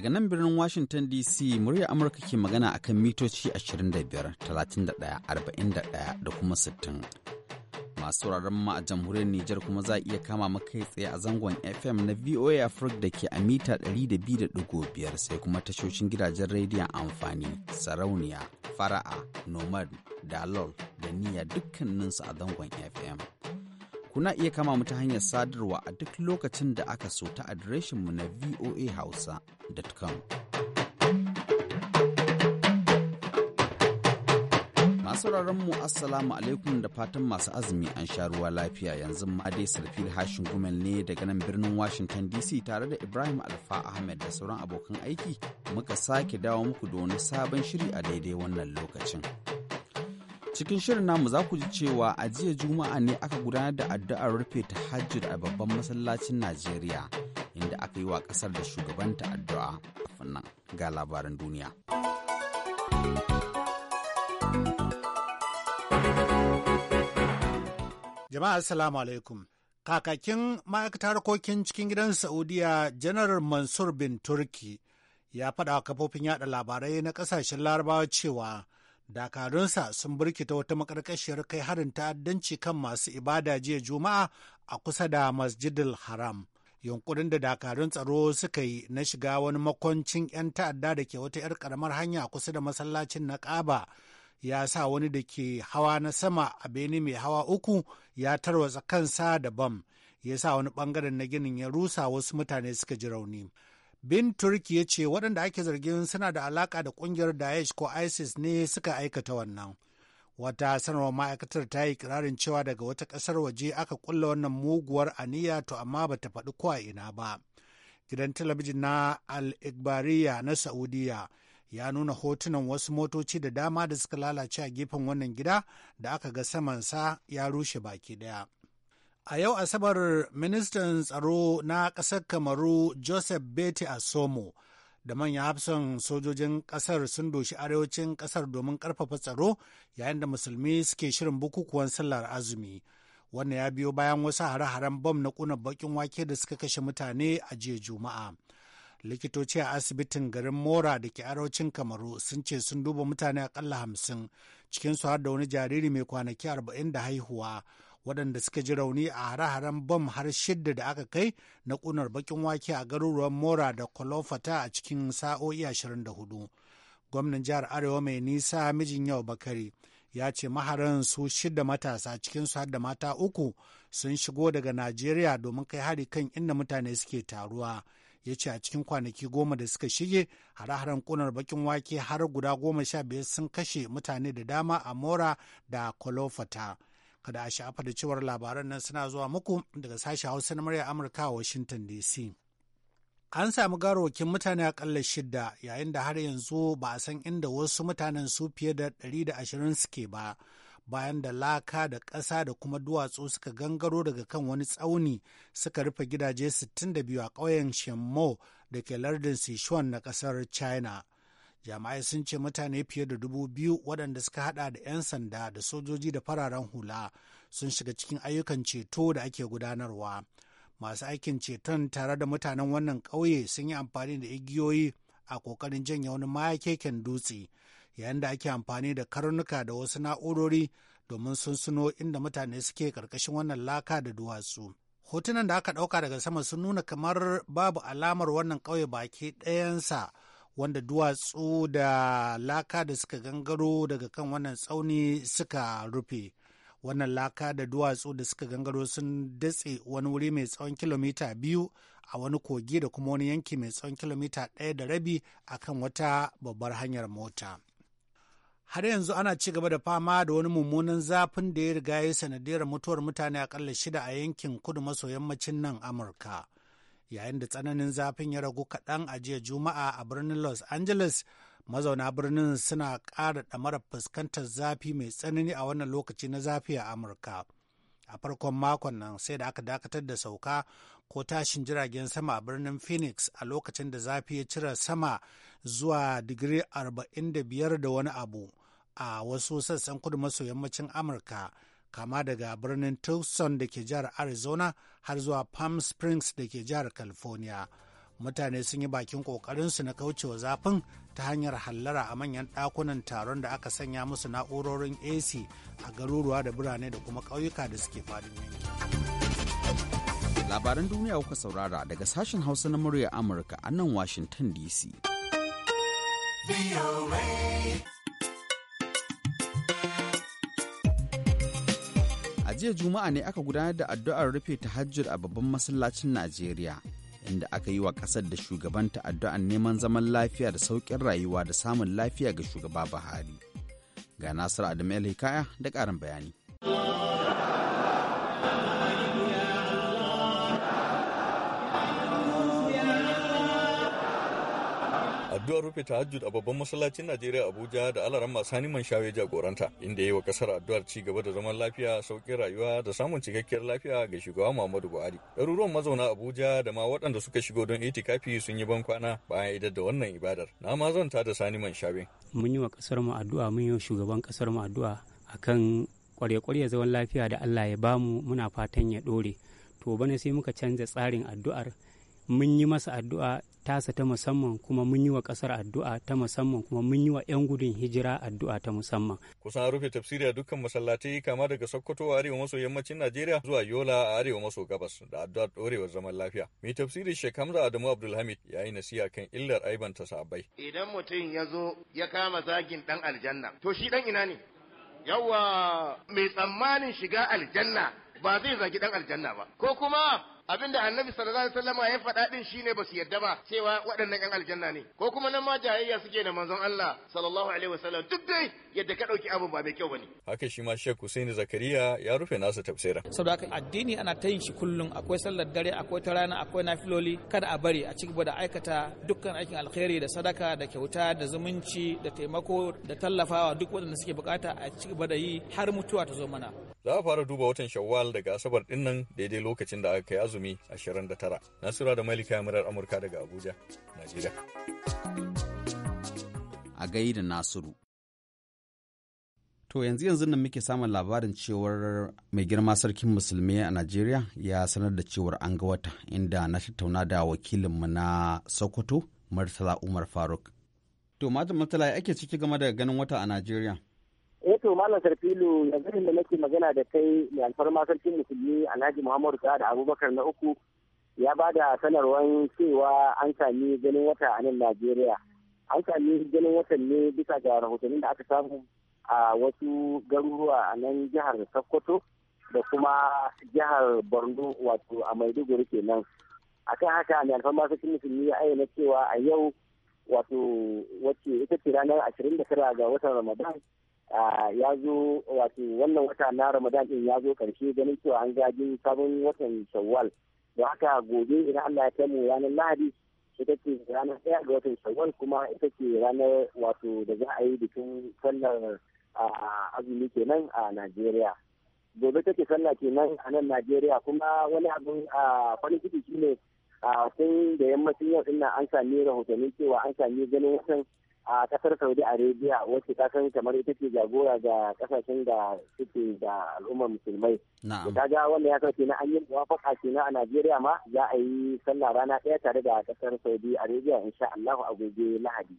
Daga nan birnin Washington DC murya Amurka ke magana akan mitoci 25, 31, 41 da kuma 60. Masu sauraron ma a jamhuriyar Nijar kuma za a iya kama makai tsaye a zangon FM na VOA Africa da ke a mita 200.5 sai kuma tashoshin gidajen rediyon amfani, sarauniya, fara'a, nomad, dalol da niyya dukkaninsu a zangon FM. Kuna iya kama mu ta hanyar sadarwa a duk lokacin da aka so ta mu na voahausa.com. Masu mu Assalamu alaikum da fatan masu azumi an sha ruwa lafiya yanzu ma dai sarfil hashin gumel ne daga nan birnin Washington DC tare da Ibrahim Alfa Ahmed da sauran abokan aiki muka sake dawo muku da wani sabon shiri a daidai wannan lokacin. cikin shirin namu za ku ji cewa a jiya juma'a ne aka gudanar da addu'ar rufe ta hajji a babban masallacin najeriya inda aka yi wa kasar da shugabanta addu'a nan ga labaran duniya jama'a assalamu alaikum kakakin Ma'aikata harkokin cikin gidan saudiya janar mansur bin turki ya faɗa kafofin yada labarai na ƙasashen larabawa cewa dakarunsa sun birkita wata makarkashiyar kai harin ta'addanci kan masu ibada jiya juma'a a kusa da masjidil haram yunkurin da dakarun tsaro suka yi na shiga wani makoncin 'yan ta'adda da ke wata 'yar karamar hanya kusa da masallacin na kaba ya sa wani da ke hawa na sama a bene mai hawa uku ya tarwatsa kansa da bam ya sa wani bangaren na ginin ya rusa wasu mutane suka ji rauni Bin Turki ya ce waɗanda ake zargin suna da alaƙa da ƙungiyar Daesh ko ISIS ne suka aikata wannan. Wata sanarwar ma'aikatar ta yi kirarin cewa daga wata ƙasar waje aka ƙulla wannan muguwar aniya to amma bata faɗi ko a ina ba. Gidan talabijin na Al-Igbariya na Saudiya ya nuna hotunan wasu motoci da dama da suka lalace a gefen wannan gida da aka ga samansa ya rushe baki ɗaya. A yau Asabar ministan tsaro na ƙasar Kamaru Joseph Beti Asomo da manyan hafsan sojojin ƙasar sun doshi arewacin ƙasar domin ƙarfafa tsaro yayin da musulmi suke shirin bukukuwan sallar azumi. Wannan ya biyo bayan wasu hare-haren bom na kuna bakin wake da suka kashe mutane a jiya Juma'a. likitoci a asibitin garin mora da ke arewacin kamaru sun ce sun duba mutane akalla hamsin cikinsu har da wani jariri mai kwanaki arba'in da haihuwa waɗanda suka ji rauni a hare-haren bam har shidda da aka kai na ƙunar bakin wake a garuruwan mora da kolofata a cikin sa'o'i 24 gwamnan jihar arewa mai nisa mijin yau bakari ya ce maharan su shidda matasa cikinsu har da mata uku sun shigo daga najeriya domin kai hari kan inda mutane suke taruwa ya ce a cikin kwanaki goma da suka shige hare-haren kunar bakin wake har guda goma sha biyar sun kashe mutane da dama a mora da kolofata kada a sha'afa da cewar labaran nan suna zuwa muku daga sashen hausa na murya amurka a washington dc an samu garokin mutane akalla shida yayin da har yanzu ba a san inda wasu mutanen su fiye da 120 suke ba bayan da laka da ƙasa da kuma duwatsu suka gangaro daga kan wani tsauni suka rufe gidaje 62 a ƙauyen shemmo da ke lardin sichuan na ƙasar china jami'ai sun ce mutane fiye da dubu biyu waɗanda suka hada da 'yan sanda da sojoji da fararen hula sun shiga cikin ayyukan ceto da ake gudanarwa masu aikin ceton tare da mutanen wannan ƙauye sun yi amfani da igiyoyi a ƙoƙarin janye wani makeken dutse yayin da ake amfani da karnuka da wasu na'urori domin sunsuno inda mutane suke ƙarƙashin wannan laka da duwatsu hotunan da aka ɗauka daga sama sun nuna kamar babu alamar wannan ƙauye baki ɗayansa wanda duwatsu da laka da suka gangaro daga kan wannan tsauni suka rufe wannan laka da duwatsu da suka gangaro sun datse wani wuri mai tsawon kilomita biyu a wani kogi da kuma wani yanki mai tsawon kilomita ɗaya da rabi a kan wata babbar hanyar mota har yanzu ana ci gaba da fama da wani mummunan zafin da ya riga ya sanadiyar mutuwar mutane akalla shida a yankin kudu maso yammacin nan amurka yayin da tsananin zafin ya ragu kaɗan a jiya juma'a a birnin los angeles mazauna birnin suna ƙara ɗamara fuskantar zafi mai tsanani a wannan lokaci na zafi a amurka a farkon makon nan sai da aka dakatar da sauka ko tashin jiragen sama a birnin phoenix a lokacin da zafi ya cire sama zuwa digiri 45 da wani abu a wasu sassan kudu maso yammacin amurka kama daga birnin Tucson da ke jihar Arizona har zuwa Palm Springs da ke jihar California. Mutane sun yi bakin ƙoƙarinsu na kaucewa zafin ta hanyar hallara a manyan ɗakunan taron da aka sanya musu na'urorin AC a garuruwa da birane da kuma ƙauyuka da suke faɗin yanki. Labaran duniya kuka saurara daga sashen Hausa na murya Amurka a nan Washington DC. jiya Juma'a ne aka gudanar da addu'ar rufe tahajjud a babban masallacin Najeriya, inda aka yi wa ƙasar da shugabanta addu'ar neman zaman lafiya da sauƙin rayuwa da samun lafiya ga shugaba Buhari. Ga Nasiru Adamu El Hikaya da ƙarin bayani. addu'ar rufe tahajjud a babban masallacin Najeriya Abuja da alaran masu haniman shawe jagoranta inda ya yi wa kasar addu'ar ci gaba da zaman lafiya sauƙin rayuwa da samun cikakkiyar lafiya ga shugaba Muhammadu Buhari. Ɗaruruwan mazauna Abuja da ma waɗanda suka shigo don itikafi sun yi ban kwana bayan idar da wannan ibadar. Na ma zanta da saniman shawe. Mun yi wa kasar mu addu'a mun yi wa shugaban kasar mu addu'a akan kwarye-kwarye zaman lafiya da Allah ya ba mu muna fatan ya ɗore. To bana sai muka canza tsarin addu'ar mun yi masa addu'a tasa ta musamman kuma mun yi wa kasar addu'a ta musamman kuma mun yi wa 'yan gudun hijira addu'a ta musamman. Kusan rufe tafsiri a dukkan masallatai kama daga Sokoto a arewa maso yammacin Najeriya zuwa Yola a arewa maso gabas da addu'a ɗorewar zaman lafiya. Mai tafsiri Sheikh Hamza Adamu Abdulhamid ya yi nasiha kan illar aiban ta sabai Idan mutum ya zo ya kama zagin dan aljanna to shi dan ina ne? Yawwa mai tsammanin shiga aljanna ba zai zagi dan aljanna ba ko kuma abinda annabi sallallahu alaihi wasallam ya faɗa din shine ba su yarda ba cewa waɗannan ƴan aljanna ne ko kuma nan ma jayayya suke da manzon Allah sallallahu alaihi wasallam duk dai yadda ka ɗauki abin ba mai kyau bane haka shi ma Sheikh Hussein Zakariya ya rufe nasa tafsira saboda haka addini ana ta yin shi kullum akwai sallar dare akwai ta rana akwai nafiloli kada a bari a cikin da aikata dukkan aikin alkhairi da sadaka da kyauta da zumunci da taimako da tallafawa duk waɗanda suke bukata a ci gaba da yi har mutuwa ta zo mana Za a fara duba watan Shawwal daga Asabar dinnan daidai lokacin da aka kai azumi 29. Nasura da Malika Murar Amurka daga Abuja, Najeriya. A gaida Nasiru. To yanzu yanzu nan muke samun labarin cewar mai girma sarkin musulmi a Najeriya ya sanar da cewar an ga wata inda na tattauna da wakilinmu na Sokoto Murtala Umar Faruk. To Mata Murtala ake ciki game da ganin wata a Najeriya? eh to malam sarfilu yanzu da nake magana da kai mai alfarma sarkin musulmi alhaji muhammadu sa'ad abubakar na uku ya ba da sanarwar cewa an sami ganin wata a nan najeriya an sami ganin watan ne bisa ga rahotanni da aka samu a wasu garuruwa a nan jihar sokoto da kuma jihar borno wato a maiduguri kenan kan haka mai alfarma sarkin musulmi ya ayyana cewa a yau wato wacce ita ce ranar ashirin da tara ga watan ramadan ya zo wato wannan wata na ramadan din ya zo karshe ganin cewa an gaji sabon watan shawwal da haka gobe idan allah ya kaimu ranar lahadi ita ce ranar ɗaya ga watan shawwal kuma ita ce ranar wato da za a yi bikin sallar azumi kenan a najeriya gobe take sallah kenan a nan najeriya kuma wani abin farin ciki shine a sun da yammacin yau din an sami rahotanni cewa an sami ganin wasan a kasar saudi arabia wacce ta san kamar ita ce jagora ga kasashen da suke da al'ummar musulmai ta ga wanda ya sauke na an yi muwafaka kenan a najeriya ma za a yi sallah rana ɗaya tare da kasar saudi arabia insha allahu a gobe lahadi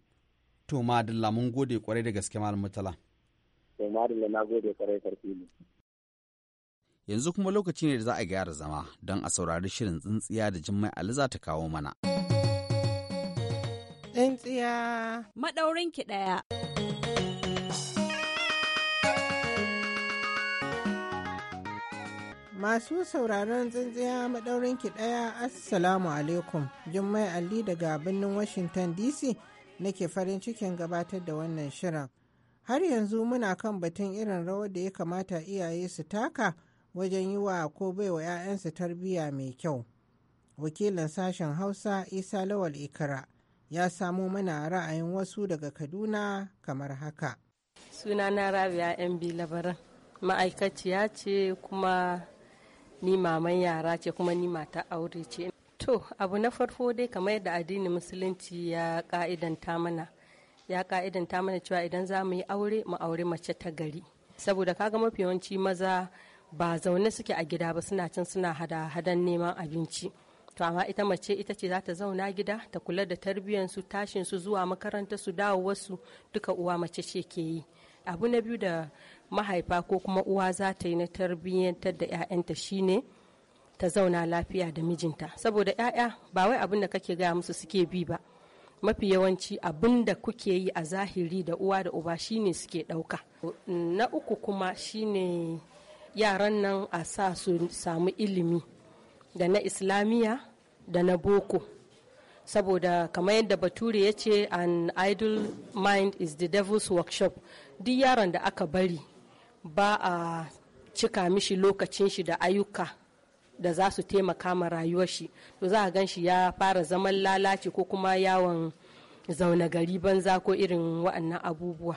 to madalla mun gode kwarai da gaske malam mutala to madalla na gode kwarai sarki ne yanzu kuma lokaci ne da za a gyara zama don a saurari shirin tsintsiya da jimmai aliza ta kawo mana. tsintsiya maɗaurinki ɗaya. Masu sauraron tsintsiya maɗaurin ki ɗaya Assalamu alaikum. Jummai Ali daga birnin Washington DC nake farin cikin gabatar da wannan shirin. Har yanzu muna kan batun irin rawar da ya kamata iyaye su taka wajen yi wa ko baiwa 'ya'yansu tarbiyya mai kyau. Wakilin sashen Hausa Isa Lawal ikira ya samo mana ra'ayin wasu daga Kaduna kamar haka. Sunana Rabia MB Labaran, ma'aikaciya ce kuma ni maman yara ce kuma ni mata aure ce. To, abu na farko dai kamar yadda addinin musulunci ya ka'idanta mana. Ya ka'idanta mana cewa idan za mu yi aure, mu aure mace ta gari. Saboda kaga mafi yawanci maza ba zaune suke a gida ba suna cin suna hada hadan neman abinci to ita mace ita ce za ta zauna gida ta kula da tarbiyyansu tashinsu zuwa makaranta su dawo wasu duka uwa mace ce ke yi abu na biyu da mahaifa ko kuma uwa za ta yi na tarbiyyantar da 'ya'yanta shine ta zauna lafiya da mijinta saboda 'ya'ya ba wai abin da kake gaya musu suke bi ba mafi yawanci abin da kuke yi a zahiri da uwa da uba shine suke ɗauka na uku kuma shine yaran nan a sa su samu ilimi da na islamiyya da na boko saboda kamar yadda bature ya ce an idle mind is the devil's workshop duk yaron da aka bari ba a cika mishi lokacin shi da ayyuka da za su taimaka ma rayuwar shi to za a gan shi ya fara zaman lalace ko kuma yawon zaune gari banza ko irin waɗannan abubuwa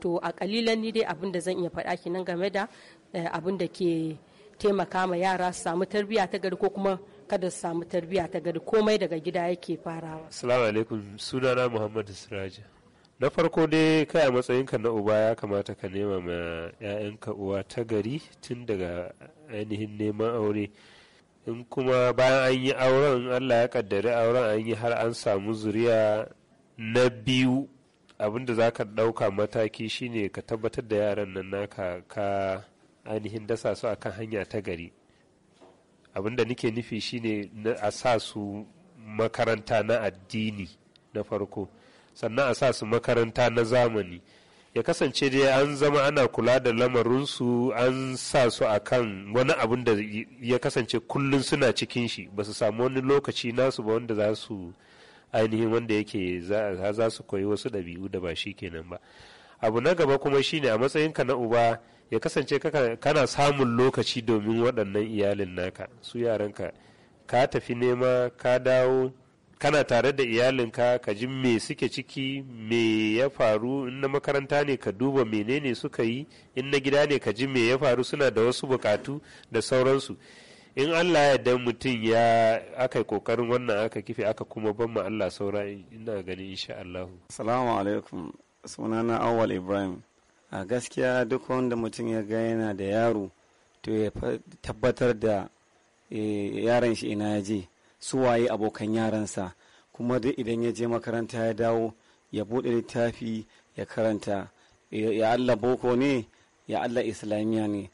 to a kalilan ni dai abin da zan iya faɗa kenan game da eh, abin da ke taimaka ma yara su samu tarbiyya ta gari ko kuma kada su samu tarbiyya ta gari komai daga gida yake farawa Salamu alaikum sunana muhammadu Siraji. na farko dai kai a matsayinka na uba ya kamata ka nema ma 'ya'yanka uwa ta gari tun daga ainihin neman aure in kuma bayan an yi auren allah ya kaddari auren an yi har an samu zuriya na biyu Abin da za ka ɗauka mataki shine ka tabbatar da yaran nan naka ka ainihin dasa su akan hanya ta gari abinda nike nufi shine a sa su makaranta na addini na farko sannan a sa su makaranta na zamani ya kasance dai an zama ana kula da lamarinsu an sa su a kan wani abin da ya kasance kullum suna cikin shi ba su samu wani lokaci nasu ba wanda za su ainihin wanda yake za su koyi wasu ɗabi'u da ba shi kenan ba abu na gaba kuma shine a matsayinka na uba ya kasance kana samun lokaci domin waɗannan iyalin naka su yaranka ka tafi nema ka dawo kana tare da iyalinka ka ji me suke ciki me ya faru in na makaranta ne ka duba menene suka yi in na gida ne ka ji me ya faru suna da wasu bukatu da sauransu in allah ya dan mutum ya aka kokarin wannan aka kife aka kuma ban ma allah saura ina gani insha allahu assalamu alaikum sunana awwal ibrahim a gaskiya duk wanda mutum ya ga yana da yaro to ya tabbatar da e, yaran shi ina ya je su waye abokan yaransa kuma duk idan ya je makaranta ya dawo ya buɗe littafi ya karanta ya allah boko ne ya allah islamiyya ne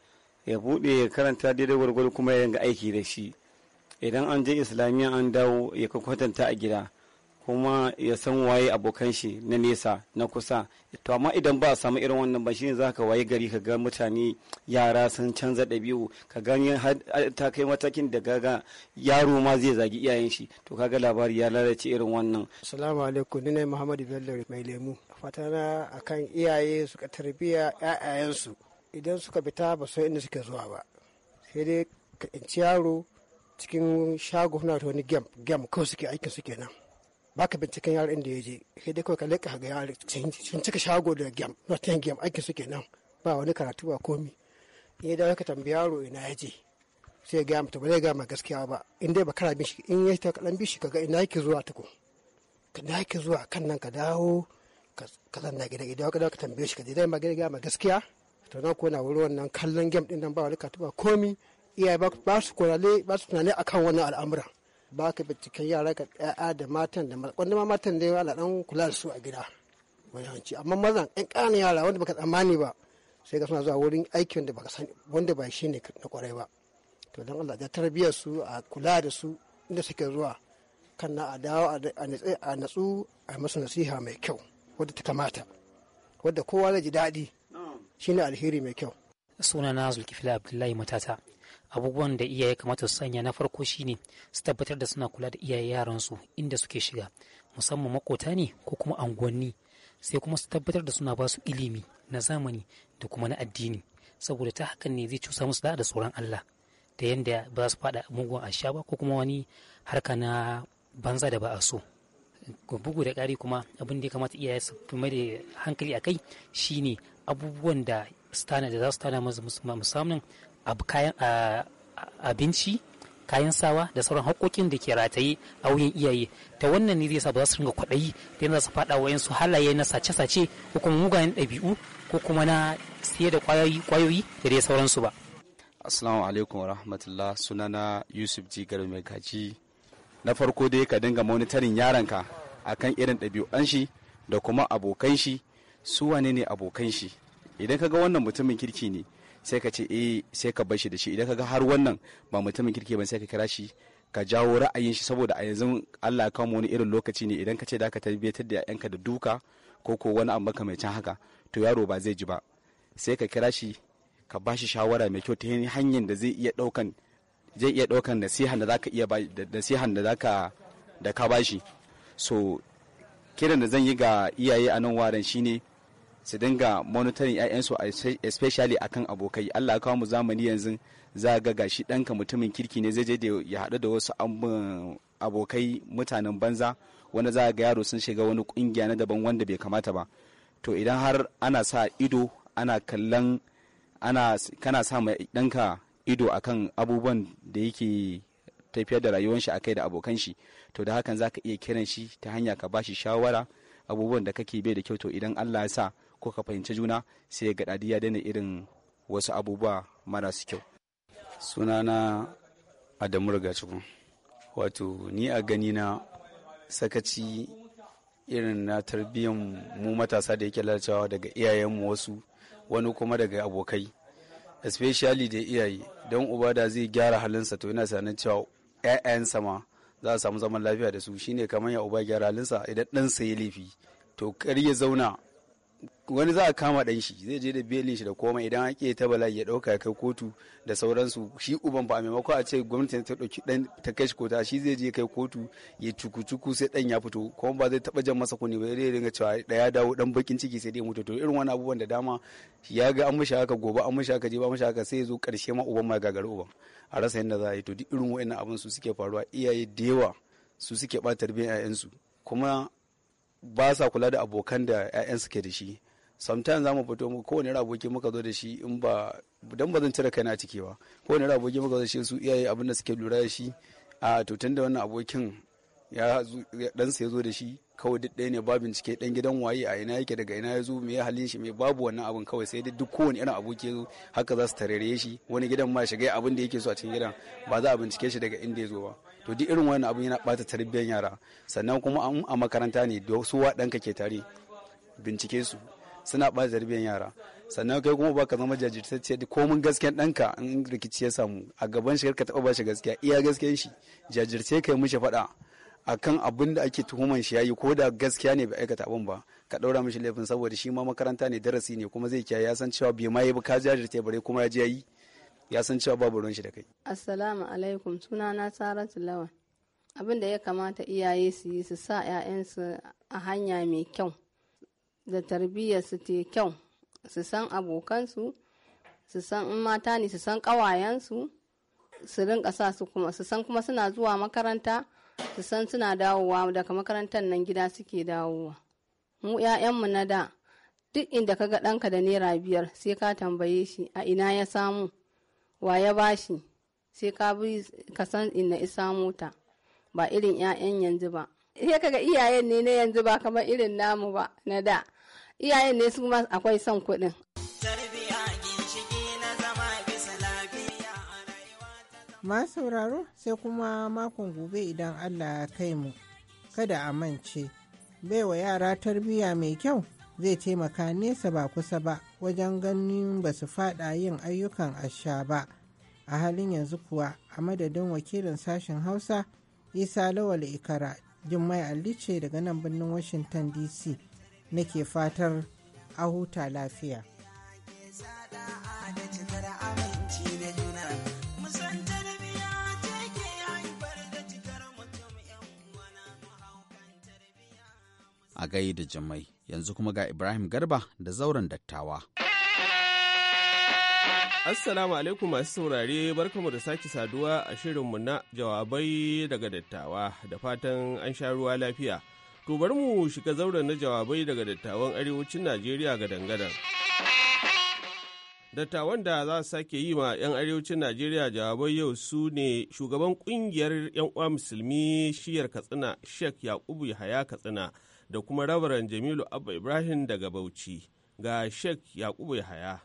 ya buɗe ya karanta daidai gwargwado kuma ya yanga aiki da shi idan an je islamiyya an dawo ya kwatanta a gida kuma ya san waye abokan shi na nesa na kusa to amma idan ba a samu irin wannan ba shine ka waye gari ka ga mutane yara sun canza ɗabi'u ka gani ta kai matakin da gaga yaro ma zai zagi iyayen shi to kaga labari ya lalace irin wannan assalamu alaikum ni ne muhammadu bello mai lemu fatana akan iyaye ka tarbiya su idan suka fita ba san inda suke zuwa ba sai dai ka yaro cikin shago na wani gem gem kawai suke aikin su kenan baka binciken yaran da ya je sai dai kawai ka leka ga yaran sun cika shago da gem northern gem aikin su kenan ba wani karatu ba komi in ya dawo ka tambaya yaro ina ya je sai ya gaya mata ba zai gaya ma gaskiya ba in dai ba kara bin shi in ya ta kaɗan bi shi kaga ina yake zuwa tukun ina yake zuwa kan nan ka dawo ka zanna gida gida ka dawo ka tambaye shi ka je dai ma gaya ma gaskiya to na kona na wuri wannan kallon gem din nan ba wani karatu ba komi iyaye ba su korale ba su tunani akan wannan al'amuran ba ka binciken yara ka ɗaya da matan da wanda ma matan da yawa ɗan kula da su a gida yawanci amma mazan ɗan ƙananan yara wanda baka tsammani ba sai ka suna zuwa wurin aiki wanda baka sani wanda ba shi ne na kwarai ba to don Allah ga tarbiyyar su a kula da su inda suke zuwa kan na a dawo a natsu a masu nasiha mai kyau wadda ta kamata wadda kowa zai ji daɗi shine alheri mai kyau sunana zulkifila abdullahi matata abubuwan da iyaye kamata su sanya na farko shine su tabbatar da suna kula da iyaye yaransu inda suke shiga musamman makota ne ko kuma anguwanni sai kuma su tabbatar da suna basu ilimi na zamani da kuma na addini saboda ta hakan ne zai cusa musu da tsoron Allah da yanda ba su fada mugun asha ba ko kuma wani harka na banza da ba a so bugu da ƙari kuma abin da ya kamata iyaye su fi mai da hankali a kai shine abubuwan da tana da za su tana musamman abinci kayan sawa da sauran haƙoƙin da ke rataye a wuyan iyaye ta wannan ne zai sa ba za su ringa kwaɗayi da yadda za su faɗa wa yansu halaye na sace-sace ko kuma mugayen ɗabi'u ko kuma na siye da ƙwayoyi da dai sauransu ba. Assalamu alaikum wa rahmatullah sunana Yusuf Ji Garo mai na farko dai ka dinga monitorin yaranka akan irin ɗabi'un shi da kuma abokan shi su wane ne abokan shi idan ka ga wannan mutumin kirki ne sai ka ce eh sai ka bar shi da shi idan ka ga har wannan ba mutumin kirki ba sai ka kira shi ka jawo ra'ayin shi saboda a yanzu Allah ya kawo wani irin lokaci ne idan ka ce da ka tarbiyatar da 'ya'yanka da duka ko ko wani abu can haka to yaro ba zai ji ba sai ka kira shi ka ba shi shawara mai kyau ta hanyar da zai iya daukan zai iya daukan nasihan da zaka iya ba nasihan da zaka da ka bashi so kiran da zan yi ga iyaye a nan waren shine su dinga monitoring 'ya'yansu especially akan abokai Allah kawo mu zamani yanzu za ga gashi ɗanka mutumin kirki ne zai je da ya haɗu da wasu abokai mutanen banza wanda za ga yaro sun shiga wani kungiya na daban wanda bai kamata ba to idan har ana sa ido ana kallon ana kana sa ma ɗanka ido akan abubuwan da yake tafiyar da rayuwar shi akai da abokan shi to da hakan zaka iya kiran shi ta hanya ka ba shi shawara abubuwan da kake bai da kyau to idan Allah ya sa ko ka fahimci juna sai ga dadi ya daina irin wasu abubuwa marasu kyau sunana adamu rigacikun wato ni a gani na sakaci irin na tarbiyyar mu matasa da yake lalacewa daga iyayenmu wasu wani kuma daga abokai especially da iyaye don uba da zai gyara halinsa to yana sanin cewa 'ya'yansa ma za a samu zaman lafiya da su shine kamar ya uba gyara halinsa idan ɗansa ya laifi to kar ya zauna wani za a kama dan shi zai je da belin shi da komai idan ake ta bala'i ya dauka ya kai kotu da sauransu shi uban ba maimako a ce gwamnati ta dauki dan ta kai shi kota shi zai je kai kotu ya cuku-cuku sai dan ya fito kuma ba zai taba jan masa kuni ba zai dinga cewa da ya dawo dan bakin ciki sai dai mutu to irin wani abubuwan da dama ya ga an mishi haka gobe an mishi haka je ba mishi haka sai ya zo karshe ma uban ma gagari uban a rasa yadda za a yi to duk irin wa'annan abun su suke faruwa iyaye da yawa su suke ɓata tarbiyyar 'ya'yansu kuma ba sa kula da abokan da 'ya'yan suke da shi sometimes mu fito mu kowane raboki muka zo da shi in ba dan ba zan cire kai na ciki ba kowane raboki muka zo da shi su iyaye abin da suke lura da shi a to da wannan abokin ya dan ya zo da shi kawai duk ɗaya ne ba bincike ɗan gidan waye a ina yake daga ina ya zo me halin shi me babu wannan abin kawai sai duk kowane irin aboki ya zo haka za su tarere shi wani gidan ma shiga abin da yake so a cikin gidan ba za a bincike shi daga inda ya zo ba to duk irin wannan abu yana bata tarbiyyar yara sannan kuma a makaranta ne da su waɗanka ke tare bincike su suna bata tarbiyyar yara sannan kai kuma baka zama jajirtacce da komun gaskiyar ɗanka in rikici ya samu a gaban shi ka taɓa ba shi gaskiya iya gaskiyar shi jajirce kai mishi faɗa akan abin da ake tuhuman shi yi ko da gaskiya ne bai aikata abin ba ka ɗaura mishi laifin saboda shi ma makaranta ne darasi ne kuma zai kiyaye ya san cewa bai ma yi ba ka jajirce bare kuma ya je yayi ya san cewa babu ruwan shi da kai assalamu alaikum suna saratu lawan abin da ya kamata iyaye su yi su sa 'ya'yansu a hanya mai kyau da tarbiyyar su te kyau su san abokansu su san in mata ne su san ƙawayensu su rinka sa su kuma su san kuma suna zuwa makaranta su san suna dawowa daga makarantar nan gida suke dawowa mu 'ya'yanmu na da duk inda ka ga ɗanka da naira biyar sai ka tambaye shi a ina ya samu wa ya bashi sai ka bi ka san ina isa mota ba irin 'ya'yan yanzu ba sai kaga iyayen ne na yanzu ba kamar irin namu ba na da iyayen ne su ma akwai son kuɗin ma sauraro sai kuma makon gobe idan allah ya kai mu kada a mance baiwa yara tarbiyya mai kyau zai taimaka nesa ba kusa ba wajen ganin ba su fada yin ayyukan asha ba a halin yanzu kuwa a madadin wakilin sashen hausa isa lawal ikara mai alice daga nan birnin washington dc nake fatar a huta lafiya a gai da jimai yanzu kuma ga ibrahim garba da zauren dattawa Assalamu alaikum masu saurare barkamu da sake saduwa a shirin mu na jawabai daga dattawa da fatan an sha ruwa lafiya. To bari mu shiga zauren na jawabai daga dattawan arewacin Najeriya ga dangadan. Dattawan da za su sake yi ma 'yan arewacin Najeriya jawabai yau su ne shugaban kungiyar 'yan uwa musulmi shiyar Katsina Sheikh Yakubu Yahaya Katsina da kuma rabaran Jamilu Abba Ibrahim daga Bauchi ga Sheikh Yakubu Yahaya.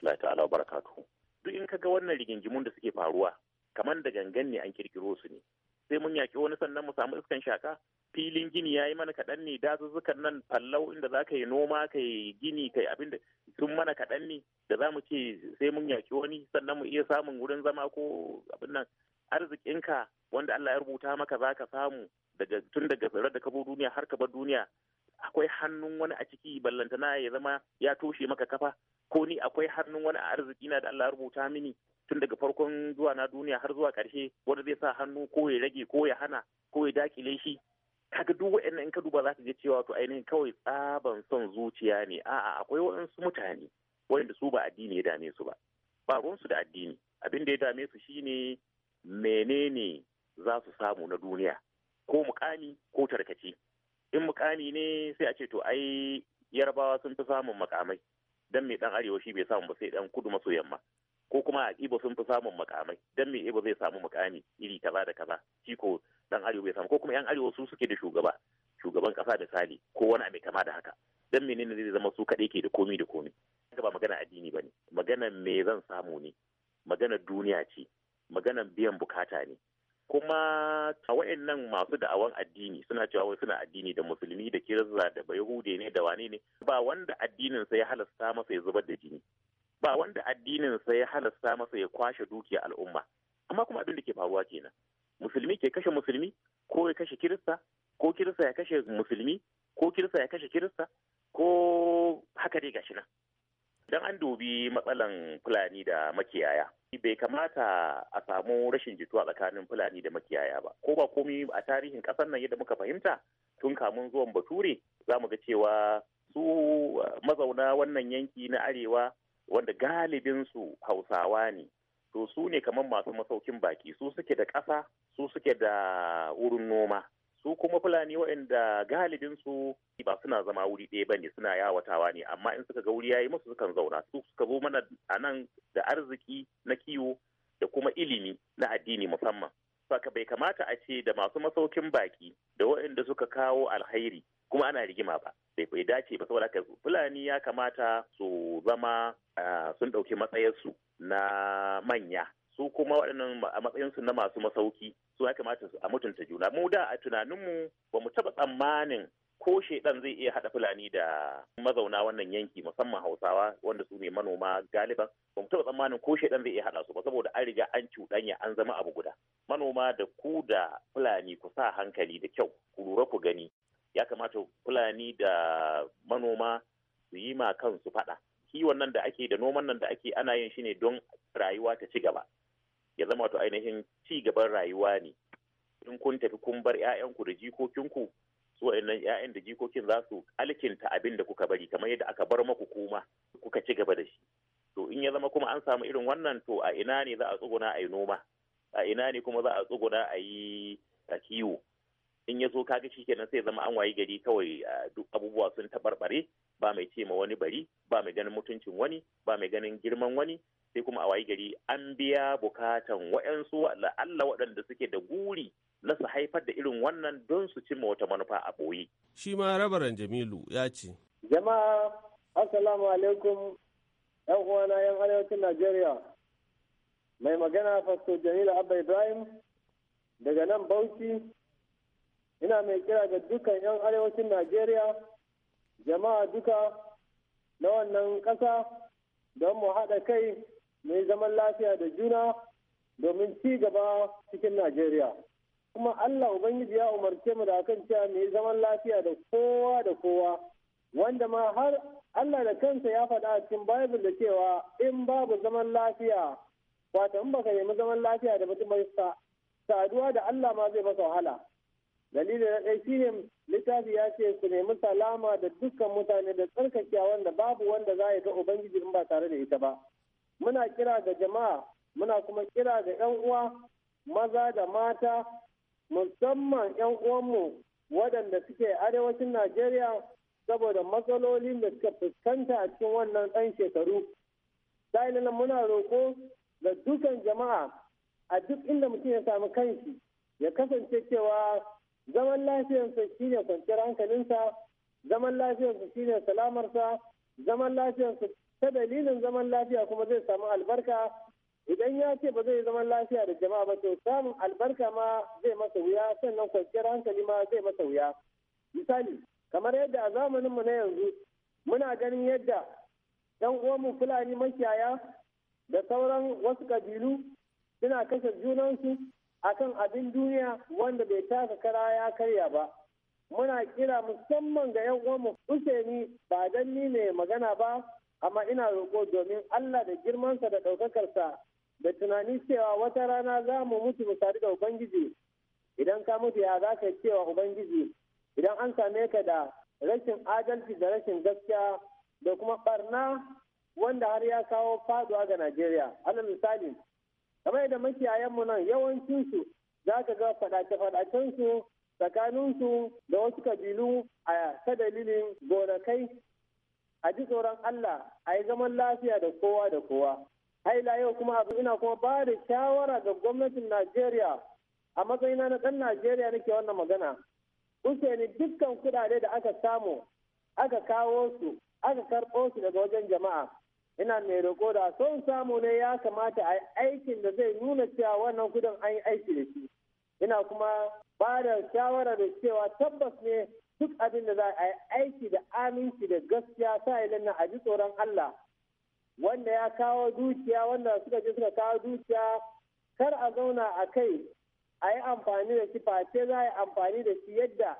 rahmatullahi ta'ala barakatuhu duk in kaga wannan rigingimun da suke faruwa kamar da gangan ne an kirkiro su ne sai mun yaki wani sannan mu samu iskan shaka filin gini yayi yi mana kaɗan ne dazuzzukan nan fallau inda za ka yi noma ka yi gini ka yi abin da sun mana kaɗan ne da za mu ce sai mun yaki wani sannan mu iya samun wurin zama ko abin nan arzikinka wanda Allah ya rubuta maka za ka samu daga tun daga tsirar da ka duniya har ka bar duniya akwai hannun wani a ciki ballantana ya zama ya toshe maka kafa ko ni akwai hannun wani a arziki na da Allah rubuta mini tun daga farkon zuwa na duniya har zuwa karshe wanda zai sa hannu ko ya rage ko ya hana ko ya dakile shi kaga duk waɗannan in ka duba za ka je cewa to ainihin kawai tsaban son zuciya ne a'a akwai waɗansu mutane waɗanda su ba addini ya dame su ba ba su da addini abin da ya dame su shine menene za su samu na duniya ko mukami ko tarkace in mukami ne sai a ce to ai yarbawa sun fi samun makamai don mai dan arewa shi bai samu ba sai dan kudu maso yamma ko kuma a ibo sun fi samun makamai don mai ibo zai samu mukami iri kaza da kaza shi ko dan arewa bai samu ko kuma yan arewa su suke da shugaba shugaban kasa da sali ko wani abu kama da haka dan menene zai zama su kaɗai ke da komi da komi ba magana addini ba ne magana me zan samu ne magana duniya ce magana biyan bukata ne kuma a wa'annan masu da'awan addini suna cewa wai suna addini da musulmi da kirista da bayahude ne da wane ne ba wanda addinin sai ya halasta masa ya zubar da jini ba wanda addinin sai ya halasta masa ya kwashe dukiya al'umma amma kuma abin da ke faruwa kenan musulmi ke kashe musulmi ko ya kashe kirista ko kirista ya kashe musulmi ko kirista ya kashe kirista ko haka dai gashi nan dan an dubi matsalan fulani da makiyaya bai kamata a samu rashin jituwa tsakanin fulani da makiyaya ba ko ba komi a tarihin ƙasar nan yadda muka fahimta tun kamun zuwan bature za mu ga cewa su uh, mazauna wannan yanki na arewa wanda galibinsu hausawa ne to su ne kamar masu masaukin baki su suke da ƙasa su suke da wurin noma su kuma fulani waɗanda galibin su ba suna zama wuri ɗaya bane suna yawatawa ne amma in suka ga wuri yayi musu sukan zauna su suka zo mana a nan da arziki na kiwo da kuma ilimi na addini musamman saka bai kamata a ce da masu masaukin baki da waɗanda suka kawo alhairi kuma ana rigima ba bai bai dace ba saboda haka fulani ya kamata su zama ah, sun ɗauki matsayarsu na manya su kuma waɗannan a matsayinsu na masu masauki su ya kamata a mutunta juna mu da a tunaninmu ba mu taɓa tsammanin ko shaidan zai iya haɗa fulani da mazauna wannan yanki musamman hausawa wanda su ne manoma galiba ba mu taɓa tsammanin ko shaidan zai iya haɗa su ba saboda an riga an cuɗanya an zama abu guda manoma da ku da fulani ku sa hankali da kyau ku lura ku gani ya kamata fulani da manoma su yi ma kansu faɗa kiwon nan da ake da noman nan da ake ana yin shi ne don rayuwa ta ci gaba ya zama to ainihin ci gaban rayuwa ne in kun tafi kun bar 'ya'yanku da jikokinku su wa'annan 'ya'yan da jikokin za su alkinta abin da kuka bari kamar yadda aka bar maku kuma kuka ci gaba da shi to in ya zama kuma an samu irin wannan to a ina ne za a tsuguna a yi noma a ina ne kuma za a tsuguna a yi kiwo in ya zo kaga shi kenan sai zama an wayi gari kawai duk abubuwa sun taɓarɓare ba mai ce ma wani bari ba mai ganin mutuncin wani ba mai ganin girman wani sai kuma a wayi gari an biya bukatan wa'yansu Allah waɗanda suke da guri na su haifar da irin wannan don su cimma wata manufa a ɓoye. Shi ma rabaran Jamilu ya ce. Jama'a, Assalamu alaikum, ‘yan uwana ‘yan arewacin Najeriya. Mai magana Fasto Jamilu Abba Ibrahim daga nan Bauchi, ina mai kira ga dukkan ‘yan arewacin Najeriya jama'a duka na wannan ƙasa don mu haɗa kai mai zaman lafiya da juna domin ci gaba cikin Najeriya. Kuma Allah Ubangiji ya umarce mu da kan cewa mai zaman lafiya da kowa da kowa, wanda ma har Allah da kansa ya faɗa a cikin Bible da cewa in babu zaman lafiya, wato in baka nemi zaman lafiya da mutum bai saduwa da Allah ma zai masa wahala. dalili na ɗaya shine littafi ya ce su nemi salama da dukkan mutane da tsarkakiya wanda babu wanda za ya ga ubangiji in ba tare da ita ba muna kira ga jama'a muna kuma kira ga yan uwa maza da mata musamman yan uwanmu waɗanda suke arewacin najeriya saboda matsalolin da suka fuskanta a cikin wannan ɗan shekaru nan muna roƙo ga dukan jama'a a duk inda mutum ya sami kanshi ya kasance cewa zaman lafiyarsa shine kwanciyar hankalinsa zaman lafiyarsa shine salamarsa zaman lafiyarsa ta dalilin zaman lafiya kuma zai samu albarka idan ya ce ba zai yi zaman lafiya da jama'a ba to samun albarka ma zai masa wuya sannan kwanciyar hankali ma zai masa wuya misali kamar yadda a zamanin mu na yanzu muna ganin yadda ɗan uwanmu fulani makiyaya da sauran wasu kabilu suna kashe junansu akan abin duniya wanda bai taka kara ya karya ba muna kira musamman ga 'yan uwanmu Usaini ba dan ni ne magana ba amma ina roƙo domin Allah da girmansa da ɗaukakarsa da tunani cewa wata rana za mu mutu mu sadu da Ubangiji idan ka mutu ya za ka cewa Ubangiji idan an same ka da rashin adalci da rashin gaskiya da kuma barna wanda har ya kawo faduwa ga Najeriya. Alal misali kamar da mu nan yawancinsu za ka ga faɗace-faɗacensu tsakaninsu da wasu kabilu a ta dalilin gonakai a ji tsoron Allah a yi zaman lafiya da kowa da kowa. Haila yau kuma abu ina kuma ba da shawara ga gwamnatin Najeriya a matsayina na ɗan Najeriya nake wannan magana. Kuke ni dukkan kuɗaɗe da aka samu aka kawo su aka karɓo su daga wajen jama'a ina mai roƙo da son samu ne ya kamata a aikin da zai nuna cewa wannan kudin an yi aiki da shi ina kuma ba da shawara da cewa tabbas ne duk abin da za a yi aiki da aminci da gaskiya sa ilin na ji tsoron Allah wanda ya kawo dukiya wanda suka je suka kawo dukiya kar a zauna a kai a yi amfani da shi face za a yi amfani da shi yadda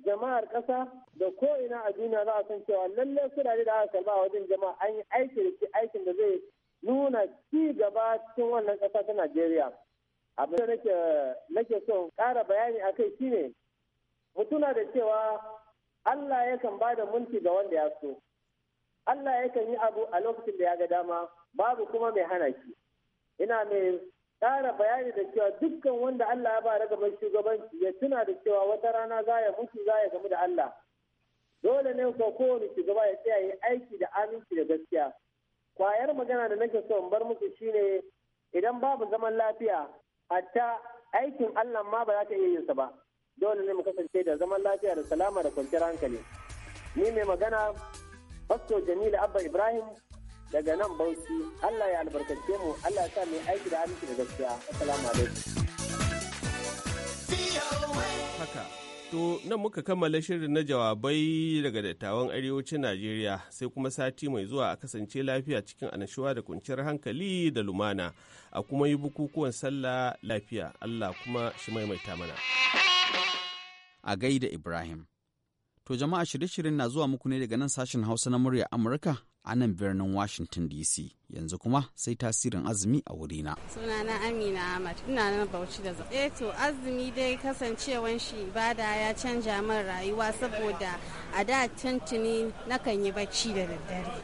jama'ar ƙasa da ko'ina a duniya za a san cewa lallai kudade da aka karba a wajen jama'a an yi aiki da shi aikin da zai nuna ci gaba cikin wannan ƙasa ta Najeriya. Abin da nake nake so ƙara bayani a kai shi shine mutuna da cewa Allah yakan ba da mulki ga wanda ya so. Allah yakan yi abu a lokacin da ya ga dama babu kuma mai hana shi. Ina mai ƙara bayani da cewa dukkan wanda Allah ya ba na gaban shugabanci ya tuna da cewa wata rana za ya mutu za ya gamu da Allah. Dole ne ko kowane shugaba ya tsaya ya aiki da aminci da gaskiya. Kwayar magana da nake so in bar muku shine idan babu zaman lafiya hatta aikin Allah ma ba za ta iya yin sa ba. Dole ne mu kasance da zaman lafiya da salama da kwanciyar hankali. Ni mai magana Pastor Jamilu Abba Ibrahim daga nan Bauchi Allah ya albarkace mu Allah ya sa mu aiki da aminci da gaskiya assalamu alaikum haka to nan muka kammala shirin na jawabai daga dattawan arewacin Najeriya sai kuma sati mai zuwa a kasance lafiya cikin anashuwa da kunciyar hankali da lumana a kuma yi bukukuwan sallah lafiya Allah kuma shi maimaita mana a gaida Ibrahim To jama'a shirye-shiryen na zuwa muku ne daga nan sashen Hausa na murya Amurka a nan birnin Washington DC yanzu kuma sai tasirin azumi a wurina. Sunana Amina Ahmad, ina nan Bauchi da Zama. Eh to azumi dai kasancewan shi bada ya canja min rayuwa saboda a da tuntuni nakan yi bacci da daddare.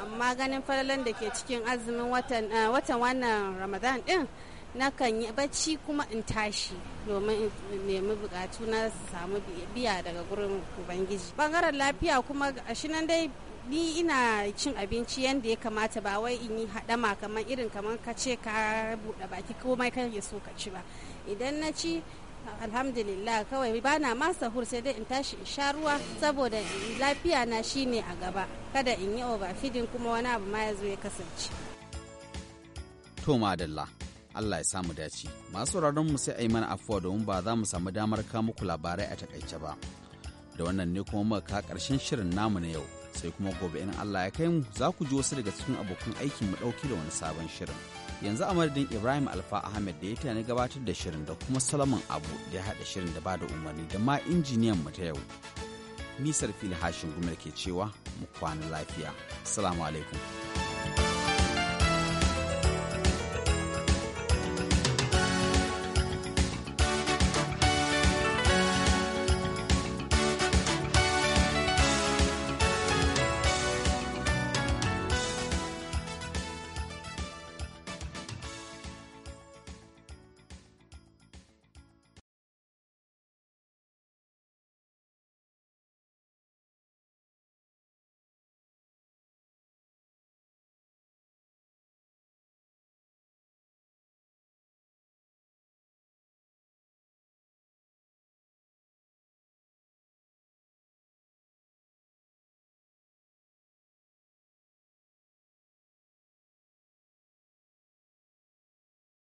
Amma ganin falalan da ke cikin azumin watan eh, wannan Ramadan din nakan yi bacci kuma in tashi domin in nemi bukatu na samu biya daga gurin ubangiji bangaren lafiya kuma ashinan dai ni ina cin abinci yadda ya kamata ba wai in yi haɗama kamar irin kamar ka ce ka buɗe baki komai ka ya so ka ci ba idan na ci alhamdulillah kawai ba na ma sahur sai dai in tashi in sha ruwa saboda lafiya na shine a gaba kada in yi overfeeding kuma wani abu ma ya zo ya kasance to madalla Allah ya samu dace masu mu sai a yi mana afuwa domin ba za mu samu damar kawo muku labarai a takaice ba da wannan ne kuma muka karshen shirin namu na yau sai kuma gobe in Allah ya kai mu za ku ji wasu daga cikin abokan aikin mu dauki da wani sabon shirin. Yanzu a madadin Ibrahim Alfa Ahmed da ya tani gabatar da shirin da kuma Salaman Abu da ya haɗa shirin da bada umarni da ma injiniyan mu ta yau. Nisar fili hashin gumar ke cewa mu kwana lafiya. Assalamu alaikum.